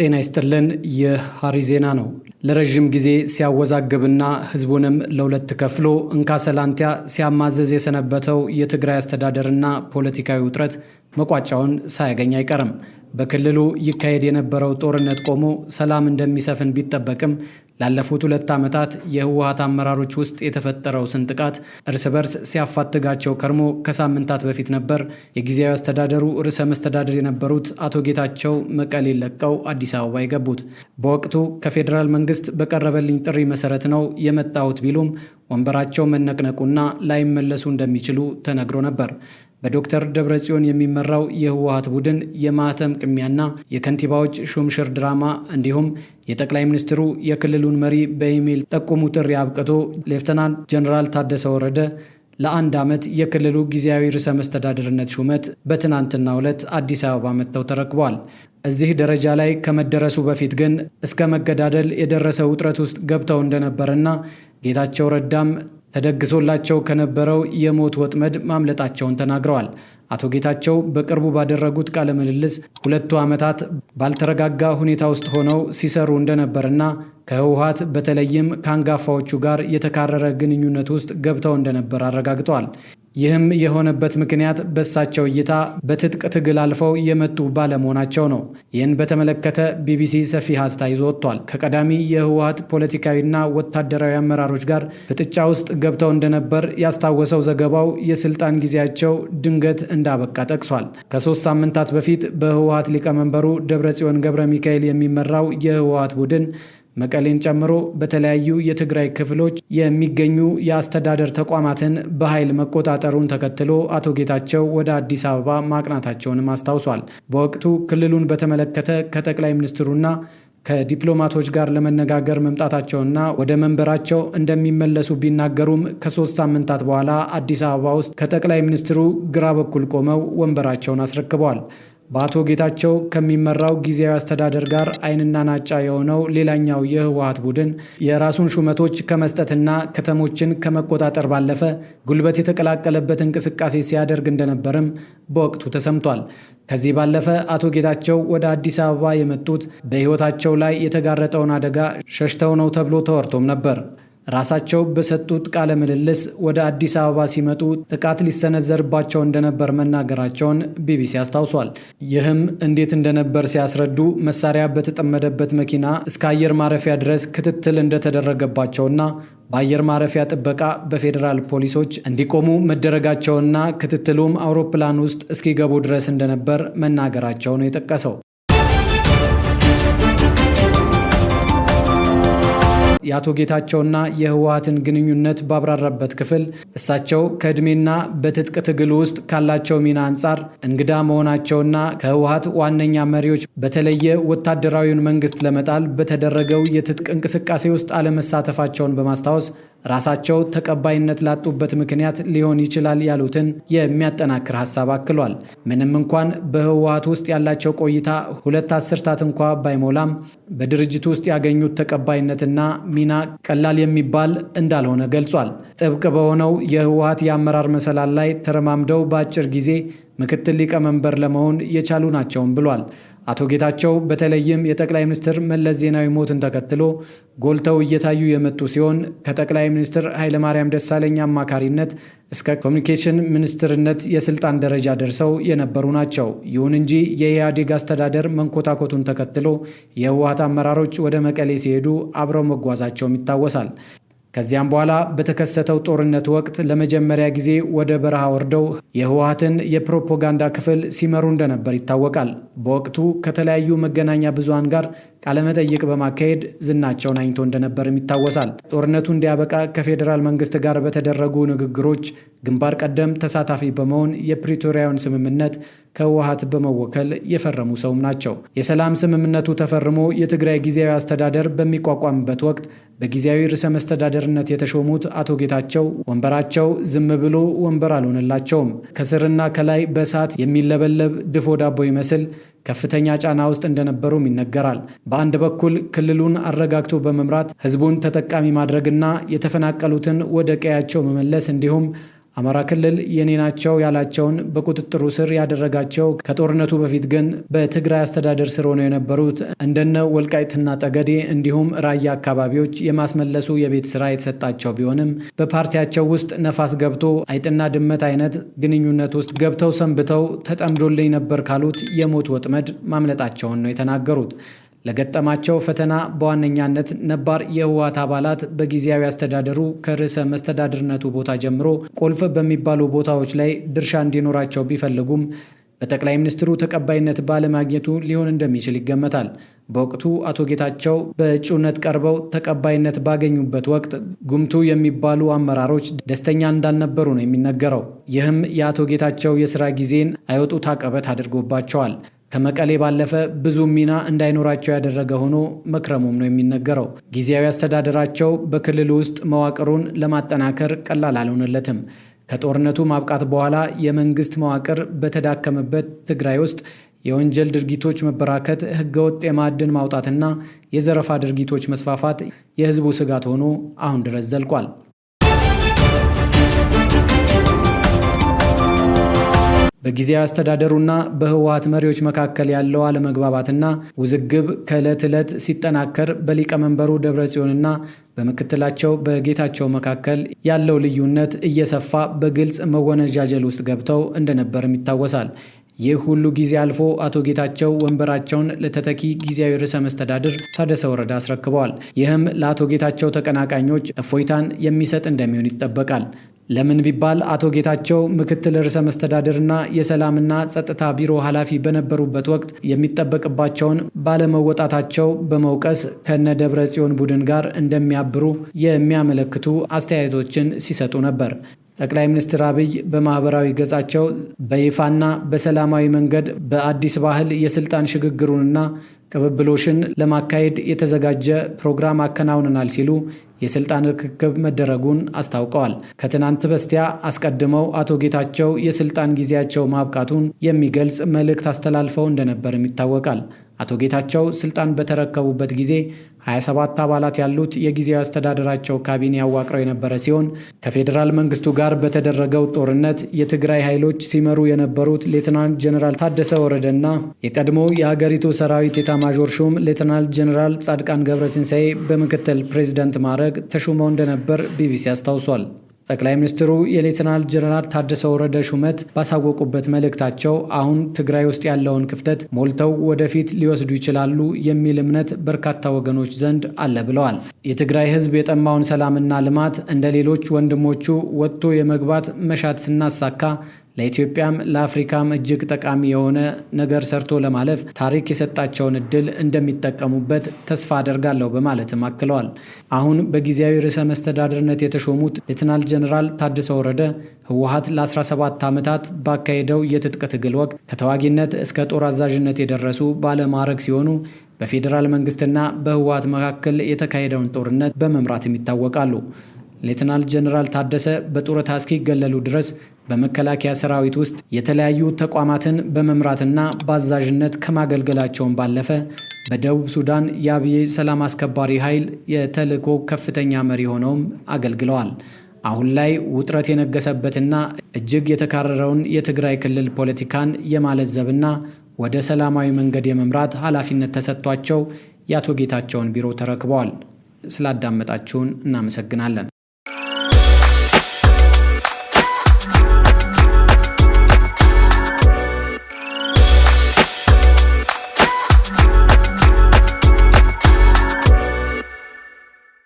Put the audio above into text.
ጤና ይስጥልን። ይህ ዜና ነው። ለረዥም ጊዜ ሲያወዛግብና ህዝቡንም ለሁለት ከፍሎ እንካሰላንቲያ ሲያማዘዝ የሰነበተው የትግራይ አስተዳደርና ፖለቲካዊ ውጥረት መቋጫውን ሳያገኝ አይቀርም። በክልሉ ይካሄድ የነበረው ጦርነት ቆሞ ሰላም እንደሚሰፍን ቢጠበቅም ላለፉት ሁለት ዓመታት የህወሀት አመራሮች ውስጥ የተፈጠረው ስንጥቃት እርስ በርስ ሲያፋትጋቸው ከርሞ ከሳምንታት በፊት ነበር የጊዜያዊ አስተዳደሩ ርዕሰ መስተዳደር የነበሩት አቶ ጌታቸው መቀሌ ለቀው አዲስ አበባ የገቡት። በወቅቱ ከፌዴራል መንግስት በቀረበልኝ ጥሪ መሰረት ነው የመጣሁት ቢሉም ወንበራቸው መነቅነቁና ላይመለሱ እንደሚችሉ ተነግሮ ነበር። በዶክተር ደብረጽዮን የሚመራው የህወሀት ቡድን የማህተም ቅሚያና የከንቲባዎች ሹምሽር ድራማ እንዲሁም የጠቅላይ ሚኒስትሩ የክልሉን መሪ በኢሜይል ጠቁሙ ጥሪ አብቅቶ ሌፍተናንት ጀኔራል ታደሰ ወረደ ለአንድ ዓመት የክልሉ ጊዜያዊ ርዕሰ መስተዳድርነት ሹመት በትናንትናው ዕለት አዲስ አበባ መጥተው ተረክበዋል። እዚህ ደረጃ ላይ ከመደረሱ በፊት ግን እስከ መገዳደል የደረሰ ውጥረት ውስጥ ገብተው እንደነበርና ጌታቸው ረዳም ተደግሶላቸው ከነበረው የሞት ወጥመድ ማምለጣቸውን ተናግረዋል። አቶ ጌታቸው በቅርቡ ባደረጉት ቃለ ምልልስ ሁለቱ ዓመታት ባልተረጋጋ ሁኔታ ውስጥ ሆነው ሲሰሩ እንደነበርና ከህወሀት በተለይም ከአንጋፋዎቹ ጋር የተካረረ ግንኙነት ውስጥ ገብተው እንደነበር አረጋግጠዋል። ይህም የሆነበት ምክንያት በእሳቸው እይታ በትጥቅ ትግል አልፈው የመጡ ባለመሆናቸው ነው። ይህን በተመለከተ ቢቢሲ ሰፊ ሀተታ ይዞ ወጥቷል። ከቀዳሚ የህወሀት ፖለቲካዊና ወታደራዊ አመራሮች ጋር ፍጥጫ ውስጥ ገብተው እንደነበር ያስታወሰው ዘገባው የስልጣን ጊዜያቸው ድንገት እንዳበቃ ጠቅሷል። ከሶስት ሳምንታት በፊት በህወሀት ሊቀመንበሩ ደብረጽዮን ገብረ ሚካኤል የሚመራው የህወሀት ቡድን መቀሌን ጨምሮ በተለያዩ የትግራይ ክፍሎች የሚገኙ የአስተዳደር ተቋማትን በኃይል መቆጣጠሩን ተከትሎ አቶ ጌታቸው ወደ አዲስ አበባ ማቅናታቸውንም አስታውሷል። በወቅቱ ክልሉን በተመለከተ ከጠቅላይ ሚኒስትሩና ከዲፕሎማቶች ጋር ለመነጋገር መምጣታቸውና ወደ መንበራቸው እንደሚመለሱ ቢናገሩም ከሶስት ሳምንታት በኋላ አዲስ አበባ ውስጥ ከጠቅላይ ሚኒስትሩ ግራ በኩል ቆመው ወንበራቸውን አስረክበዋል። በአቶ ጌታቸው ከሚመራው ጊዜያዊ አስተዳደር ጋር ዓይንና ናጫ የሆነው ሌላኛው የህወሀት ቡድን የራሱን ሹመቶች ከመስጠትና ከተሞችን ከመቆጣጠር ባለፈ ጉልበት የተቀላቀለበት እንቅስቃሴ ሲያደርግ እንደነበርም በወቅቱ ተሰምቷል። ከዚህ ባለፈ አቶ ጌታቸው ወደ አዲስ አበባ የመጡት በሕይወታቸው ላይ የተጋረጠውን አደጋ ሸሽተው ነው ተብሎ ተወርቶም ነበር። ራሳቸው በሰጡት ቃለ ምልልስ ወደ አዲስ አበባ ሲመጡ ጥቃት ሊሰነዘርባቸው እንደነበር መናገራቸውን ቢቢሲ አስታውሷል። ይህም እንዴት እንደነበር ሲያስረዱ መሳሪያ በተጠመደበት መኪና እስከ አየር ማረፊያ ድረስ ክትትል እንደተደረገባቸውና በአየር ማረፊያ ጥበቃ በፌዴራል ፖሊሶች እንዲቆሙ መደረጋቸውና ክትትሉም አውሮፕላን ውስጥ እስኪገቡ ድረስ እንደነበር መናገራቸው ነው የጠቀሰው። የአቶ ጌታቸውና የህወሀትን ግንኙነት ባብራራበት ክፍል እሳቸው ከዕድሜና በትጥቅ ትግል ውስጥ ካላቸው ሚና አንጻር እንግዳ መሆናቸውና ከህወሀት ዋነኛ መሪዎች በተለየ ወታደራዊውን መንግስት ለመጣል በተደረገው የትጥቅ እንቅስቃሴ ውስጥ አለመሳተፋቸውን በማስታወስ ራሳቸው ተቀባይነት ላጡበት ምክንያት ሊሆን ይችላል ያሉትን የሚያጠናክር ሀሳብ አክሏል። ምንም እንኳን በህወሀት ውስጥ ያላቸው ቆይታ ሁለት አስርታት እንኳ ባይሞላም በድርጅቱ ውስጥ ያገኙት ተቀባይነትና ሚና ቀላል የሚባል እንዳልሆነ ገልጿል። ጥብቅ በሆነው የህወሀት የአመራር መሰላል ላይ ተረማምደው በአጭር ጊዜ ምክትል ሊቀመንበር ለመሆን የቻሉ ናቸውም ብሏል። አቶ ጌታቸው በተለይም የጠቅላይ ሚኒስትር መለስ ዜናዊ ሞትን ተከትሎ ጎልተው እየታዩ የመጡ ሲሆን ከጠቅላይ ሚኒስትር ኃይለማርያም ደሳለኝ አማካሪነት እስከ ኮሚኒኬሽን ሚኒስትርነት የስልጣን ደረጃ ደርሰው የነበሩ ናቸው። ይሁን እንጂ የኢህአዴግ አስተዳደር መንኮታኮቱን ተከትሎ የህወሀት አመራሮች ወደ መቀሌ ሲሄዱ አብረው መጓዛቸውም ይታወሳል። ከዚያም በኋላ በተከሰተው ጦርነት ወቅት ለመጀመሪያ ጊዜ ወደ በረሃ ወርደው የህወሀትን የፕሮፓጋንዳ ክፍል ሲመሩ እንደነበር ይታወቃል። በወቅቱ ከተለያዩ መገናኛ ብዙሃን ጋር ቃለመጠይቅ በማካሄድ ዝናቸውን አኝቶ እንደነበርም ይታወሳል። ጦርነቱ እንዲያበቃ ከፌዴራል መንግስት ጋር በተደረጉ ንግግሮች ግንባር ቀደም ተሳታፊ በመሆን የፕሪቶሪያውን ስምምነት ከህወሀት በመወከል የፈረሙ ሰውም ናቸው። የሰላም ስምምነቱ ተፈርሞ የትግራይ ጊዜያዊ አስተዳደር በሚቋቋምበት ወቅት በጊዜያዊ ርዕሰ መስተዳደርነት የተሾሙት አቶ ጌታቸው ወንበራቸው ዝም ብሎ ወንበር አልሆነላቸውም። ከስርና ከላይ በእሳት የሚለበለብ ድፎ ዳቦ ይመስል ከፍተኛ ጫና ውስጥ እንደነበሩም ይነገራል። በአንድ በኩል ክልሉን አረጋግቶ በመምራት ህዝቡን ተጠቃሚ ማድረግና የተፈናቀሉትን ወደ ቀያቸው መመለስ እንዲሁም አማራ ክልል የኔ ናቸው ያላቸውን በቁጥጥሩ ስር ያደረጋቸው ከጦርነቱ በፊት ግን በትግራይ አስተዳደር ስር ሆነው የነበሩት እንደነ ወልቃይትና ጠገዴ እንዲሁም ራያ አካባቢዎች የማስመለሱ የቤት ስራ የተሰጣቸው ቢሆንም በፓርቲያቸው ውስጥ ነፋስ ገብቶ አይጥና ድመት አይነት ግንኙነት ውስጥ ገብተው ሰንብተው ተጠምዶልኝ ነበር ካሉት የሞት ወጥመድ ማምለጣቸውን ነው የተናገሩት። ለገጠማቸው ፈተና በዋነኛነት ነባር የህወሓት አባላት በጊዜያዊ አስተዳደሩ ከርዕሰ መስተዳድርነቱ ቦታ ጀምሮ ቁልፍ በሚባሉ ቦታዎች ላይ ድርሻ እንዲኖራቸው ቢፈልጉም በጠቅላይ ሚኒስትሩ ተቀባይነት ባለማግኘቱ ሊሆን እንደሚችል ይገመታል። በወቅቱ አቶ ጌታቸው በእጩነት ቀርበው ተቀባይነት ባገኙበት ወቅት ጉምቱ የሚባሉ አመራሮች ደስተኛ እንዳልነበሩ ነው የሚነገረው። ይህም የአቶ ጌታቸው የስራ ጊዜን አይወጡት አቀበት አድርጎባቸዋል። ከመቀሌ ባለፈ ብዙ ሚና እንዳይኖራቸው ያደረገ ሆኖ መክረሙም ነው የሚነገረው። ጊዜያዊ አስተዳደራቸው በክልሉ ውስጥ መዋቅሩን ለማጠናከር ቀላል አልሆነለትም። ከጦርነቱ ማብቃት በኋላ የመንግስት መዋቅር በተዳከመበት ትግራይ ውስጥ የወንጀል ድርጊቶች መበራከት፣ ህገወጥ የማዕድን ማውጣትና የዘረፋ ድርጊቶች መስፋፋት የህዝቡ ስጋት ሆኖ አሁን ድረስ ዘልቋል። በጊዜያዊ አስተዳደሩና በህወሀት መሪዎች መካከል ያለው አለመግባባትና ውዝግብ ከዕለት ዕለት ሲጠናከር በሊቀመንበሩ ደብረጽዮንና በምክትላቸው በጌታቸው መካከል ያለው ልዩነት እየሰፋ በግልጽ መወነጃጀል ውስጥ ገብተው እንደነበርም ይታወሳል። ይህ ሁሉ ጊዜ አልፎ አቶ ጌታቸው ወንበራቸውን ለተተኪ ጊዜያዊ ርዕሰ መስተዳድር ታደሰ ወረደ አስረክበዋል። ይህም ለአቶ ጌታቸው ተቀናቃኞች እፎይታን የሚሰጥ እንደሚሆን ይጠበቃል። ለምን ቢባል አቶ ጌታቸው ምክትል ርዕሰ መስተዳድርና የሰላምና ጸጥታ ቢሮ ኃላፊ በነበሩበት ወቅት የሚጠበቅባቸውን ባለመወጣታቸው በመውቀስ ከነ ደብረ ጽዮን ቡድን ጋር እንደሚያብሩ የሚያመለክቱ አስተያየቶችን ሲሰጡ ነበር። ጠቅላይ ሚኒስትር አብይ በማህበራዊ ገጻቸው በይፋና በሰላማዊ መንገድ በአዲስ ባህል የስልጣን ሽግግሩንና ቅብብሎሽን ለማካሄድ የተዘጋጀ ፕሮግራም አከናውነናል ሲሉ የስልጣን ርክክብ መደረጉን አስታውቀዋል። ከትናንት በስቲያ አስቀድመው አቶ ጌታቸው የስልጣን ጊዜያቸው ማብቃቱን የሚገልጽ መልእክት አስተላልፈው እንደነበርም ይታወቃል። አቶ ጌታቸው ስልጣን በተረከቡበት ጊዜ 27 አባላት ያሉት የጊዜያዊ አስተዳደራቸው ካቢኔ አዋቅረው የነበረ ሲሆን ከፌዴራል መንግስቱ ጋር በተደረገው ጦርነት የትግራይ ኃይሎች ሲመሩ የነበሩት ሌትናንት ጀኔራል ታደሰ ወረደና የቀድሞ የሀገሪቱ ሰራዊት ኤታማዦር ሹም ሌትናንት ጀኔራል ጻድቃን ገብረትንሳኤ በምክትል ፕሬዚደንት ማዕረግ ተሹመው እንደነበር ቢቢሲ አስታውሷል። ጠቅላይ ሚኒስትሩ የሌተናል ጀነራል ታደሰ ወረደ ሹመት ባሳወቁበት መልእክታቸው አሁን ትግራይ ውስጥ ያለውን ክፍተት ሞልተው ወደፊት ሊወስዱ ይችላሉ የሚል እምነት በርካታ ወገኖች ዘንድ አለ ብለዋል። የትግራይ ሕዝብ የጠማውን ሰላምና ልማት እንደ ሌሎች ወንድሞቹ ወጥቶ የመግባት መሻት ስናሳካ ለኢትዮጵያም ለአፍሪካም እጅግ ጠቃሚ የሆነ ነገር ሰርቶ ለማለፍ ታሪክ የሰጣቸውን እድል እንደሚጠቀሙበት ተስፋ አደርጋለሁ በማለትም አክለዋል። አሁን በጊዜያዊ ርዕሰ መስተዳድርነት የተሾሙት ሌትናል ጀኔራል ታደሰ ወረደ ህወሀት ለ17 ዓመታት ባካሄደው የትጥቅ ትግል ወቅት ከተዋጊነት እስከ ጦር አዛዥነት የደረሱ ባለማዕረግ ሲሆኑ በፌዴራል መንግስትና በህወሀት መካከል የተካሄደውን ጦርነት በመምራትም ይታወቃሉ። ሌትናል ጀኔራል ታደሰ በጡረታ እስኪገለሉ ድረስ በመከላከያ ሰራዊት ውስጥ የተለያዩ ተቋማትን በመምራትና በአዛዥነት ከማገልገላቸውን ባለፈ በደቡብ ሱዳን የአብዬ ሰላም አስከባሪ ኃይል የተልዕኮ ከፍተኛ መሪ ሆነውም አገልግለዋል። አሁን ላይ ውጥረት የነገሰበትና እጅግ የተካረረውን የትግራይ ክልል ፖለቲካን የማለዘብና ወደ ሰላማዊ መንገድ የመምራት ኃላፊነት ተሰጥቷቸው የአቶ ጌታቸውን ቢሮ ተረክበዋል። ስላዳመጣችሁን እናመሰግናለን።